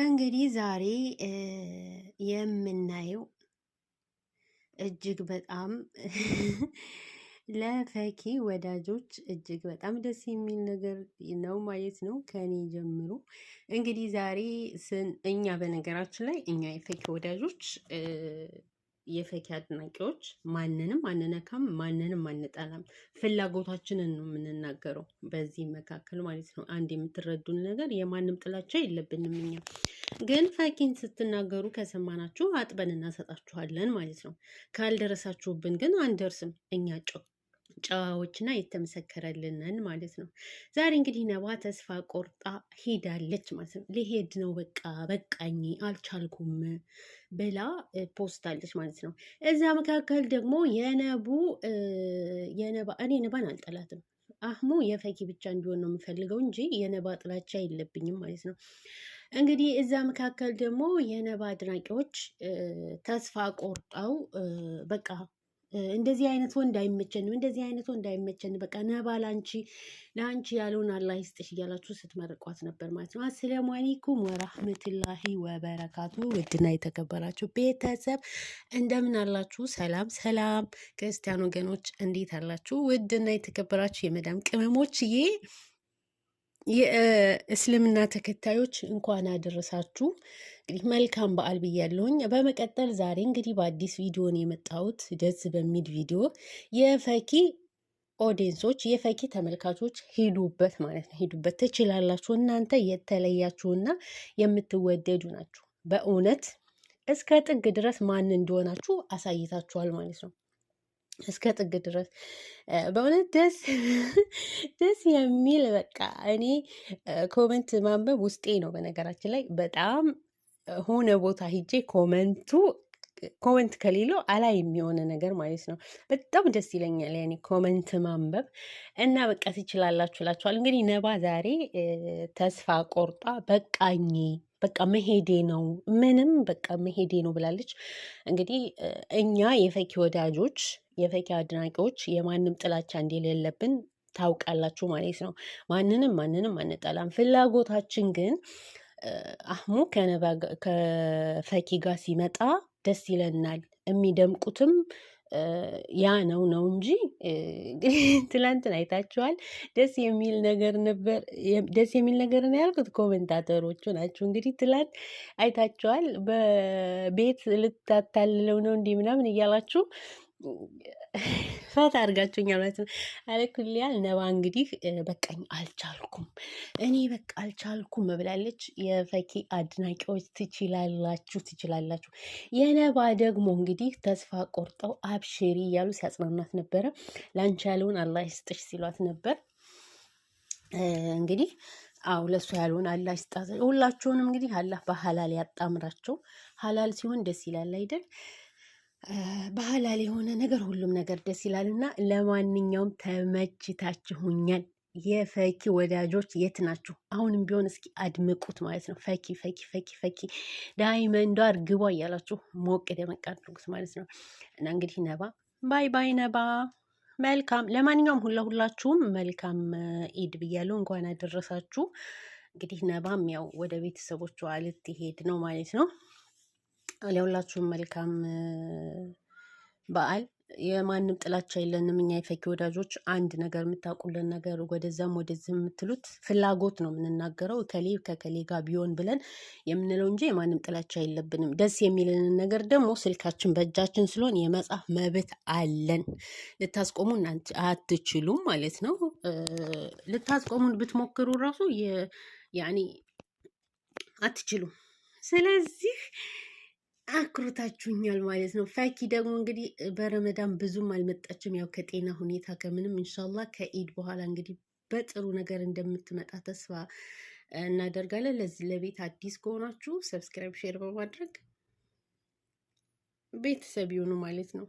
እንግዲህ ዛሬ የምናየው እጅግ በጣም ለፈኪ ወዳጆች እጅግ በጣም ደስ የሚል ነገር ነው ማየት ነው። ከኔ ጀምሮ እንግዲህ ዛሬ እኛ በነገራችን ላይ እኛ የፈኪ ወዳጆች የፈኪ አድናቂዎች ማንንም አንነካም፣ ማንንም አንጠላም። ፍላጎታችንን ነው የምንናገረው። በዚህ መካከል ማለት ነው አንድ የምትረዱን ነገር የማንም ጥላቻ የለብንም። እኛ ግን ፈኪን ስትናገሩ ከሰማናችሁ አጥበን እናሰጣችኋለን ማለት ነው። ካልደረሳችሁብን ግን አንደርስም እኛ ጮክ ጨዋዎችና የተመሰከረልንን ማለት ነው። ዛሬ እንግዲህ ነባ ተስፋ ቆርጣ ሄዳለች ማለት ነው። ሊሄድ ነው በቃ በቃኝ፣ አልቻልኩም ብላ ፖስታለች ማለት ነው። እዛ መካከል ደግሞ የነቡ የነባ እኔ ነባን አልጠላትም አህሙ የፈኪ ብቻ እንዲሆን ነው የምፈልገው እንጂ የነባ ጥላቻ የለብኝም ማለት ነው። እንግዲህ እዛ መካከል ደግሞ የነባ አድናቂዎች ተስፋ ቆርጠው በቃ እንደዚህ አይነት ወንድ አይመቸንም፣ እንደዚህ አይነት ወንድ አይመቸንም፣ በቃ ነባ ላንቺ ለአንቺ ያለውን አላህ ይስጥሽ እያላችሁ ስትመርቋት ነበር ማለት ነው። አሰላሙ አለይኩም ወራህመቱላሂ ወበረካቱ። ውድና የተከበራችሁ ቤተሰብ እንደምን አላችሁ? ሰላም ሰላም፣ ክርስቲያን ወገኖች እንዴት አላችሁ? ውድና የተከበራችሁ የመዳም ቅመሞችዬ የእስልምና ተከታዮች እንኳን አደረሳችሁ። እንግዲህ መልካም በዓል ብያለሁኝ። በመቀጠል ዛሬ እንግዲህ በአዲስ ቪዲዮን የመጣሁት ደስ በሚል ቪዲዮ የፈኪ ኦዲየንሶች የፈኪ ተመልካቾች ሂዱበት ማለት ነው፣ ሂዱበት ትችላላችሁ። እናንተ የተለያችሁና የምትወደዱ ናችሁ። በእውነት እስከ ጥግ ድረስ ማን እንደሆናችሁ አሳይታችኋል ማለት ነው። እስከ ጥግ ድረስ በእውነት ደስ ደስ የሚል በቃ እኔ ኮመንት ማንበብ ውስጤ ነው። በነገራችን ላይ በጣም ሆነ ቦታ ሂጄ ኮመንቱ ኮመንት ከሌለው አላይ የሚሆነ ነገር ማለት ነው። በጣም ደስ ይለኛል ያኔ ኮመንት ማንበብ እና በቃ ትችላላችሁ ላችኋል። እንግዲህ ነባ ዛሬ ተስፋ ቆርጣ በቃኝ በቃ መሄዴ ነው ምንም በቃ መሄዴ ነው ብላለች። እንግዲህ እኛ የፈኪ ወዳጆች፣ የፈኪ አድናቂዎች የማንም ጥላቻ እንደሌለብን ታውቃላችሁ ማለት ነው። ማንንም ማንንም አንጠላም። ፍላጎታችን ግን አህሙ ከፈኪ ጋር ሲመጣ ደስ ይለናል። የሚደምቁትም ያ ነው ነው እንጂ ትላንትን አይታችኋል። ደስ የሚል ነገር ነበር። ደስ የሚል ነገር ነው ያልኩት ኮመንታተሮቹ ናቸው እንግዲህ ትላንት አይታችኋል። በቤት ልታታልለው ነው እንዲህ ምናምን እያላችሁ ፈት አድርጋችሁኛል ማለት ነው። አለኩልያል ነባ እንግዲህ በቃኝ አልቻልኩም፣ እኔ በቃ አልቻልኩም ብላለች። የፈኪ አድናቂዎች ትችላላችሁ፣ ትችላላችሁ። የነባ ደግሞ እንግዲህ ተስፋ ቆርጠው አብሽሪ እያሉ ሲያጽናናት ነበረ። ላንቺ ያለውን አላህ ይስጥሽ ሲሏት ነበር እንግዲህ አው ለሱ ያልሆን አላህ ይስጣት። ሁላችሁንም እንግዲህ አላህ በሀላል ያጣምራቸው። ሀላል ሲሆን ደስ ይላል አይደል? ባህላል የሆነ ነገር ሁሉም ነገር ደስ ይላል እና ለማንኛውም ተመችታችሁኛል። የፈኪ ወዳጆች የት ናችሁ? አሁንም ቢሆን እስኪ አድምቁት ማለት ነው። ፈኪ ፈኪ ፈኪ ፈኪ ዳይመንዷ እርግቧ እያላችሁ ሞቅ ደመቅ አድርጉት ማለት ነው። እና እንግዲህ ነባ ባይ ባይ ነባ መልካም ለማንኛውም ሁላ ሁላችሁም መልካም ኢድ ብያለሁ። እንኳን አደረሳችሁ። እንግዲህ ነባም ያው ወደ ቤተሰቦቿ ልትሄድ ነው ማለት ነው። ለሁላችሁም መልካም በዓል። የማንም ጥላቻ የለንም። እኛ የፈኪ ወዳጆች አንድ ነገር የምታውቁልን ነገር ወደዛም ወደዚህ የምትሉት ፍላጎት ነው የምንናገረው። ከሌ ከከሌ ጋር ቢሆን ብለን የምንለው እንጂ የማንም ጥላቻ የለብንም። ደስ የሚልንን ነገር ደግሞ ስልካችን በእጃችን ስለሆን የመጻፍ መብት አለን። ልታስቆሙን አትችሉም ማለት ነው። ልታስቆሙን ብትሞክሩ ራሱ ያኔ አትችሉም። ስለዚህ አክሩታችሁኛል ማለት ነው። ፈኪ ደግሞ እንግዲህ በረመዳን ብዙም አልመጣችም። ያው ከጤና ሁኔታ ከምንም እንሻላ ከኢድ በኋላ እንግዲህ በጥሩ ነገር እንደምትመጣ ተስፋ እናደርጋለን። ለዚህ ለቤት አዲስ ከሆናችሁ ሰብስክራይብ፣ ሼር በማድረግ ቤተሰብ ይሁኑ ማለት ነው።